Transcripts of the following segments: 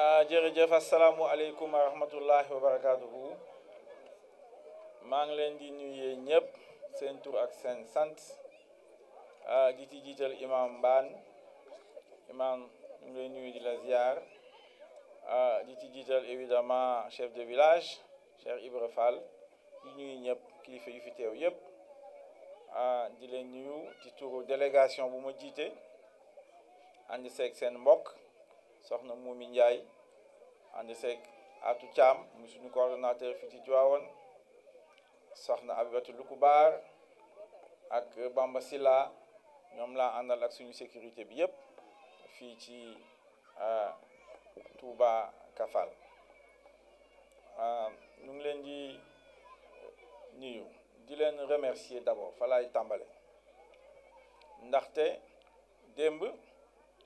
Ah, jërëjëf asalaamualeykum wa rahmatullahi wa Mang leen di ak sant ah, imam ban, imam di la ziar ah, di ci évidemment chef de village cher Ibra Fall yu fi di leen délégation délégation bu ma de soxna Moumi Ndiaye ànd Atou cham muy suñu coordonnateur fi ci Tivaouane soxna Abibatu ak Bamba sila ñom Nous andal ak suñu sécurité bi yépp fi ci euh, Touba Kafal euh, ñu ngi leen di nuyu di leen remercier d'abord fa laay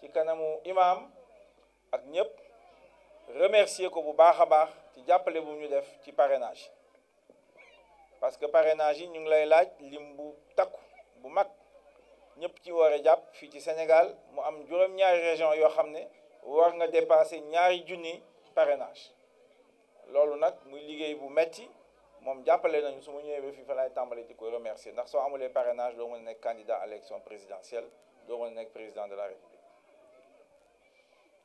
ci kanamu imam ak ñëpp remercier ko bu baax a baax ci jàppale bu ñu def ci parrainage parce que parrainage yi ñu ngi lay laaj lim bu takku bu mag ñëpp ci war a jàpp fii ci Sénégal mu am juróom-ñaari région yoo xam ne war nga dépasser ñaari junni parrainage loolu nag muy liggéey bu metti moom jàppale nañu su ma ñëwee ba fii fa lay tàmbale di ko remercier ndax soo amulee parrainage doo mën a nekk candidat à l'élection présidentielle doo mën a nekk président de la République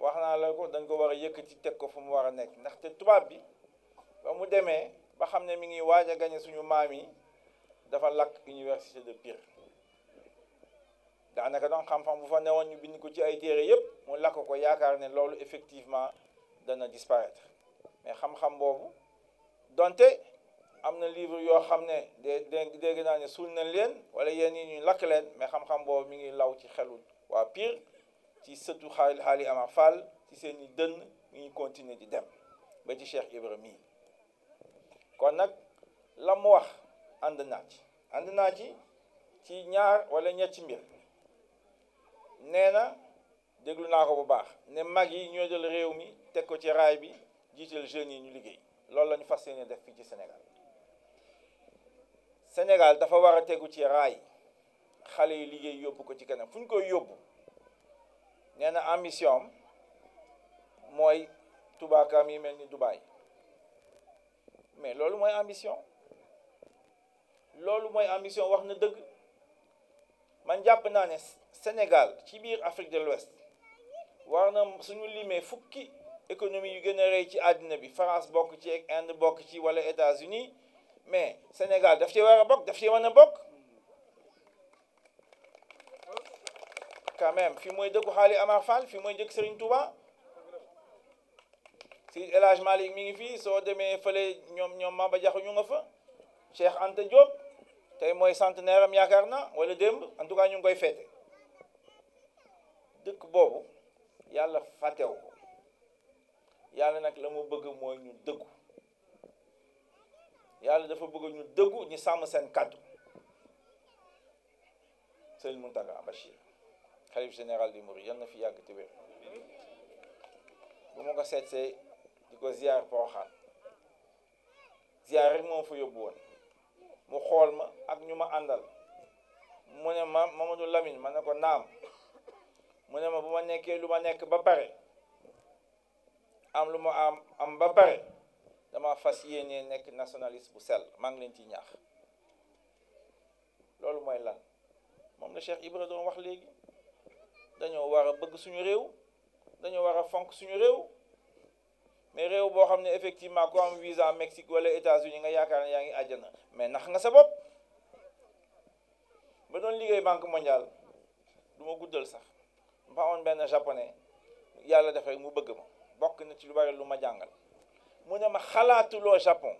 wax naa la ko dañ ko war a yëkkati ko fu mu wara nek nekk ndaxte tubaab bi ba mu demee ba xam mi ngi waja gagné suñu mami dafa lak université de Pire daanaka donc xam-xam bu fa newoon ñu bind ko ci ay téere yépp mu lakk ko yaakar ne loolu effectivement dana disparaître mais xam-xam bobu donté amna livre yo xam dé dégg naa ne suul nañ leen wala yéen ñu lak leen mais xam-xam bobu mi ngi law ci xelu wa Pire ci sëtu xaal xaali Amar Fall ci seeni i dënn ñu continuer di dem ba ci Cheikh ibre yi kon nag la mu wax ànd naa ci ànd naa ci ci ñaar wala ñetti mbir nee na déglu naa ko bu baax ne mag yi ñoo jël réew mi teg ko ci raay bi jiital jeunes yi ñu liggéey loolu lañu fas yéene def fii ci senegal senegal dafa war a tegu ci raay xale yi liggéey yóbbu ko ci kanam fu ñu koy yóbbu nee na ambition am mooy tubaakaam yi melni dubai mais l'olou moy ambition l'olou moy ambition waxna deug man japp na ne Sénégal ci bir Afrique de l'Ouest warna suñu limé fukki économie yu gëna réy ci aduna bi France bok ci ak Inde bok ci wala États-Unis mais Sénégal daf ci wara bok daf ci wana bok quand même fi moy dëkku xaali Amar Fall fi moy njëkk Serigne Touba si Elage Malik mi ngi fi, so soo demee ñom ñom ma ba Jaxu ñu nga fa Cheikh Anta Diop tay moy centenaire am yakarna na wala démb en tout cas ñu ngi koy feete dëkk boobu yàlla fàttewu ko Yalla nak la mu bëgg moy ñu dëggu Yalla dafa bëgg ñu dëggu ñu sam sen cadeau. sëñ Mountaga Bachir xalif général di Mouride yal na fi yàgg te wér bu ma ko seetsee di ko ziar Porokhane ziar rek moom fa yóbbu woon mu xool ma ak ñu ma àndal mu ne ma Mamadou Lamine ma ko naam mu ne ma bu ma nekkee lu ma nekk ba pare am lu ma am am ba pare dama fas yéenee nekk nationaliste bu sel maa ngi leen ciy ñaax loolu mooy lan moom la Cheikh Ibra wax léegi dañoo war a bëgg suñu réew dañoo war a fonk suñu réew mais réew boo xam ne effectivement ku am visa Mexique wala États-Unis nga yaakaar ne yaa ngi àjjana mais nax nga sa bopp ba doon liggéey banque mondiale du ma guddal sax ma amoon benn japone yàlla def rek mu bëgg ma bokk na ci lu bari lu ma jàngal mu ne ma xalaatuloo Japon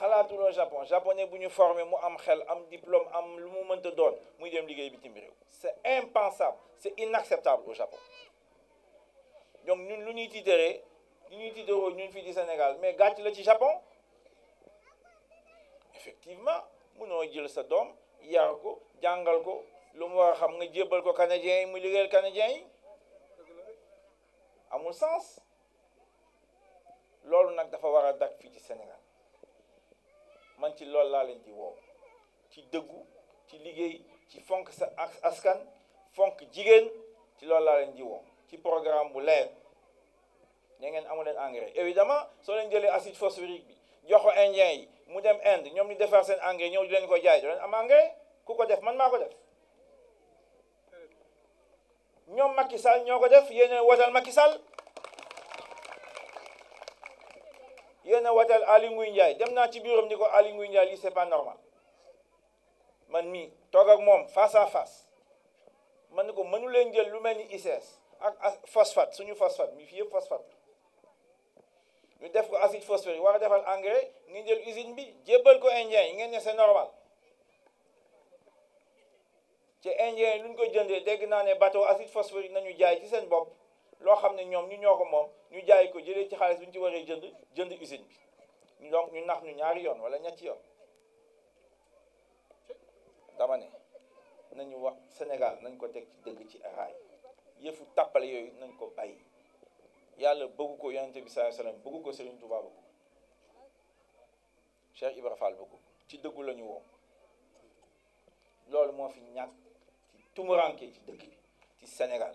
xalaatuloo Japon japonais bu ñu formé mu am xel am diplôme am lu mu mënta doon muy dem liggéey bitim réew c'est impensable c'est inacceptable au Japon donc ñun lu ñuy tiitaree lu ñuy titéro ñun fii di Sénégal mais gàcc la ci Japon effectivement munoo jël sa doom yar ko jàngal ko lu mu war a xam nga jébbal ko canadien yi mu liggéeyal canadien yi amul sens loolu nag dafa war a dakk fii ci Sénégal man ci loolu laa leen di woo ci dëggu ci liggéey ci fonk sa askan fonk jigéen ci loolu laa leen di woo ci programme bu leer ne ngeen amu leen engrais évidemment soo leen jëlee acide phosphorique bi joxo indien yi mu dem Inde ñoom ñu defar seen engrais ñëw di leen ko jaay doo am engrais ku ko def man maa ko def ñoom Macky Sall ñoo ko def yéen a wotal Macky yéen a wateel Aly Ngouille Ndiaye dem naa ci biiram ni ko Aly Ngouille Ndiaye lii c'est pas normal man mii toog ak moom face à face man ni ko mënu leen jël lu mel ni ICS ak phosphate suñu phosphate mi fii yëpp phosphate ñu def ko acide phosphorique war a defal engrais ngi jël usine bi jébbal ko indien yi ngeen ne c'est normal ci indien yi luñ ko jëndee dégg naa ne bateau acide phosphorique nañu jaay ci seen bopp nous sommes ñom ñu ñoko nous ñu jaay ko jëlé ci buñ ci jënd jënd usine bi donc ñu nax ñu ñaari yoon wala ñetti yoon dama né nañu wax Sénégal nañ ko tek ci dëgg ci raay C'est tapal yoy nañ ko bàyyi yalla ko sallallahu alayhi wasallam Touba Cheikh Ibra Fall ci loolu fi ci Sénégal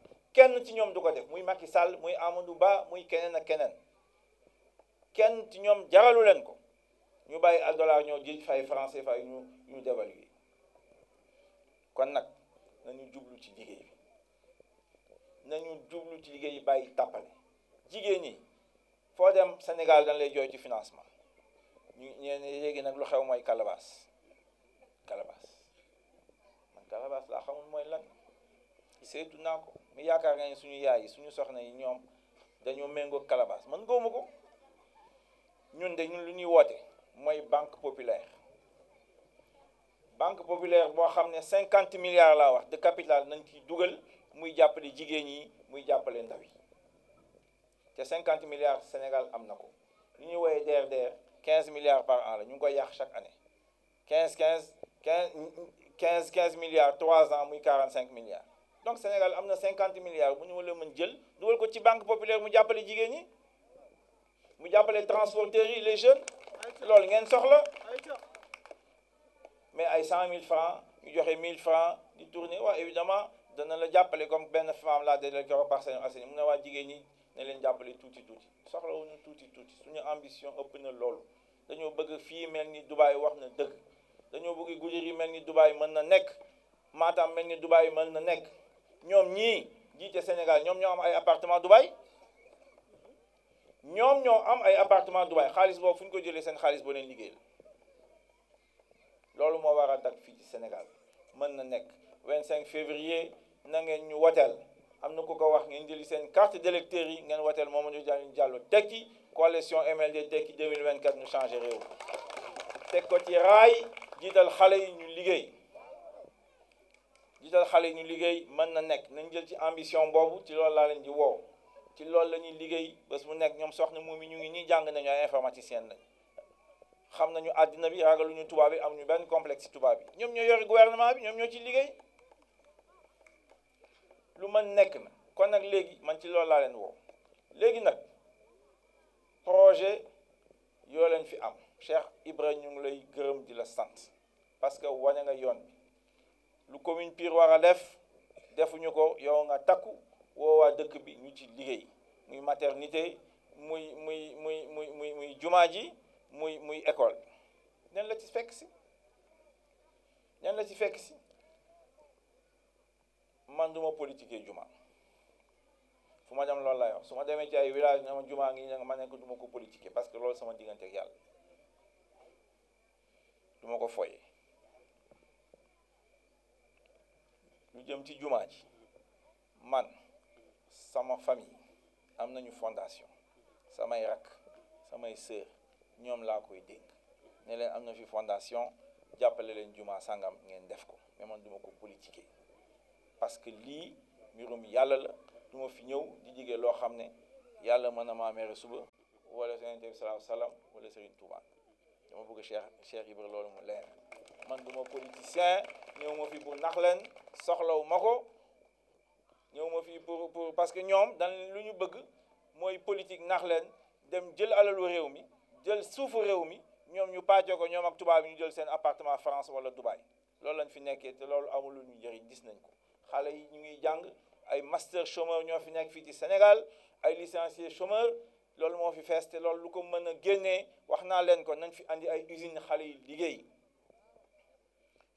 kenn ci ñoom du ko def muy Macky Sall muy Amadou Ba muy keneen ak keneen kenn ci ñoom jaralu leen ko ñu bàyyi al dollar ñoo ji fay français fay ñu ñu dévaluer kon nag nañu jublu ci liggéey bi nañu jublu ci liggéey bàyyi tàppale jigéen ñi foo dem Sénégal dañ lay jooy ci financement ñu ñeen léegi nag lu xew mooy calebasse calebasse a calebasse laa xamul mooy lan saytu naa ko yaakaar nga ni suñu yaay yi suñu soxna yi ñoom dañu mengo calabas man goomu ko ñun de ñun lu ñuy woote mooy banque populaire banque populaire boo xam ne 50 milliards laa wax de capital nañ ci dugal muy jàppale jigéen yi muy jàppale ndaw yi te 50 milliards sénégal am na ko ñu ñuy woyee der der 15 milliards par an la ñu ngi koy yàq chaque année 15 15 15 15 milliards 3 ans muy 45 milliards donc Sénégal a 50 milliards bu ñu jël ko banque populaire mu jappalé mu les jeunes ngeen soxla mais ay 100 000 francs ñu 1 1000 francs di tourner évidemment dana la jappalé comme benn femme la Vous par mu ne wa jigéen ñi ne leen jappalé Vous touti soxla wuñu Vous touti suñu ambition ëpp na lool. dañoo bëgg fi melni Dubaï wax na dëgg dañoo bëgg Vous Dubaï Matam Dubaï ñom ñi au Sénégal nous ñoo am ay appartement Dubaï Nous ñoo am ay appartement Dubaï xaliss bo fuñ ko jëlé xaliss bo lolu mo wara a fi ci Sénégal mën na 25 février na ngeen ñu wotel amna ko ko wax ngeen jëli sen carte d'électeur yi ngeen Diallo tekki coalition MLD 2024 ñu changer ko ci ray xalé ñu jiital xalé ñu liggéey mën na nekk nañ jël ci ambition boobu ci loolu laa leen di woow ci loolu la ñuy liggéey bés mu nekk ñoom soxna moom ñu ngi ñi jàng nañu ay informaticien lañ xam nañu àddina bi ragaluñu tubaab bi am ñu benn complexe tubaab bi ñoom ñoo yore gouvernement bi ñoom ñoo ci liggéey lu mën nekk na kon nag léegi man ci loolu laa leen woow léegi nag projet yoo leen fi am Cheikh Ibrahima ñu ngi lay gërëm di la sant parce que wane nga yoon bi lu commune piir war a def defuñu ko yow nga takku woowaa dëkk bi ñu ci liggéey muy maternité muy muy muy muy muy muy jumaa ji muy muy école nen la ci fekk si nen la ci fekk si man duma politique juma fu ma dem loolu lay wax su ma demee ci ay village na ma juma ngi nga ma nekk du ma ko politique parce que loolu sama diggante ak yàlla du ko foye lu jëm ci jumaa ji man sama famille am nañu fondation samay rakk samay sœur ñoom laa koy dénk ne leen am na fi fondation jàppale leen jumaa sangam ngeen def ko mais man duma ko politiquer parce que lii mbirum yàlla la du fi ñëw di jigee loo xam ne yàlla mën na maa mere suba wala Yonent bi sallallahu alayhi wa sallam wala Serigne Touba dama bëgg Cheikh Cheikh Ibra loolu mu leer man duma politicien ñëw ma fi pour nax leen soxlaw ma ko ñëw ma fi pour pour parce que ñoom dan lu ñu bëgg mooy politique nax leen dem jël alalu réew mi jël suufu réew mi ñoom ñu pàccoo ko ñoom ak tubaab yi ñu jël seen appartement France wala Dubaï loolu lañ fi nekkee te loolu amul ñu jëriñ gis nañ ko xale yi ñu ngi jàng ay master chômeur ñoo fi nekk fii ci Sénégal ay licencié chômeur loolu moo fi fees te loolu lu ko mën a génnee wax naa leen ko nañ fi andi ay usine xale yi liggéey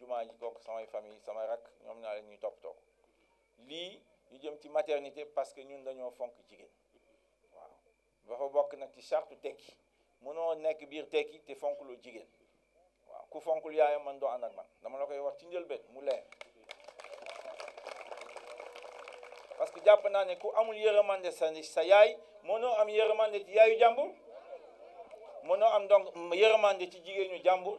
jumaa ji kooku samay famille sama rak ñoom naa leen ñuy toppatoo lii ñu jëm ci maternité parce que ñun dañoo fonk jigéen waaw dafa bokk nag ci charte tekki mënoo nekk biir tekki te fonkuloo jigéen waaw ku fonkul yaayam man doo ànd ak man dama la koy wax ci njëlbeen mu leer parce que jàpp naa ne ku amul yërëmande sa sa yaay mënoo am yërëmande ci yaayu jàmbur mënoo am donc yërëmande ci jigéenu jàmbur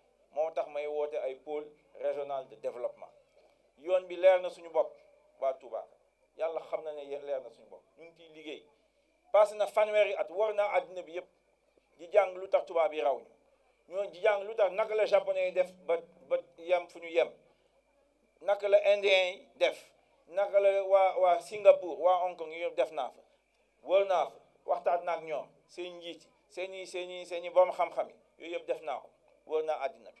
moo tax may woote ay pôle régional de développement yoon bi leer na suñu bopp waa Touba yàlla xam na ne leer na suñu bopp ñu ngi ciy liggéey passé na fanweeri at war naa àddina bi yëpp di jàng lu tax tubaab bi raw ñu ñoo di jàng lu tax naka la japonais yi def ba ba yem fu ñu yem naka la indien yi def naka la waa waa Singapour waa Hong Kong yi def naa fa wër naa fa waxtaat naa ñoom seen njiit seen i seen i seen i borom xam-xam yi yooyu yëpp def naa ko wër naa àddina bi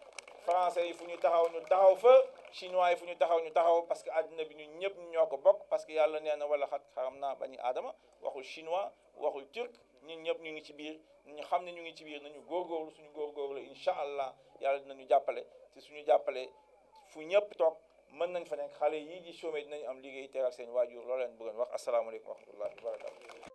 français yi fu ñu taxaw ñu taxaw fa chinois yi fu ñu taxaw ñu taxaw parce que àddina bi ñu ñëpp ñoo ko bokk parce que yàlla nee na wala xat xaram naa bani aadama waxul chinois waxul turc ñun ñëpp ñu ngi ci biir ñu xam ne ñu ngi ci biir nañu góorgóorlu suñu góorgóorlu incha allah yàlla dinañu jàppale te suñu jàppale fu ñëpp toog mën nañ fa nekk xale yii di chômé dinañ am liggéey teral seen waajur loolu leen bëggoon wax asalaamaaleykum wa rahmatullahi wa barakatu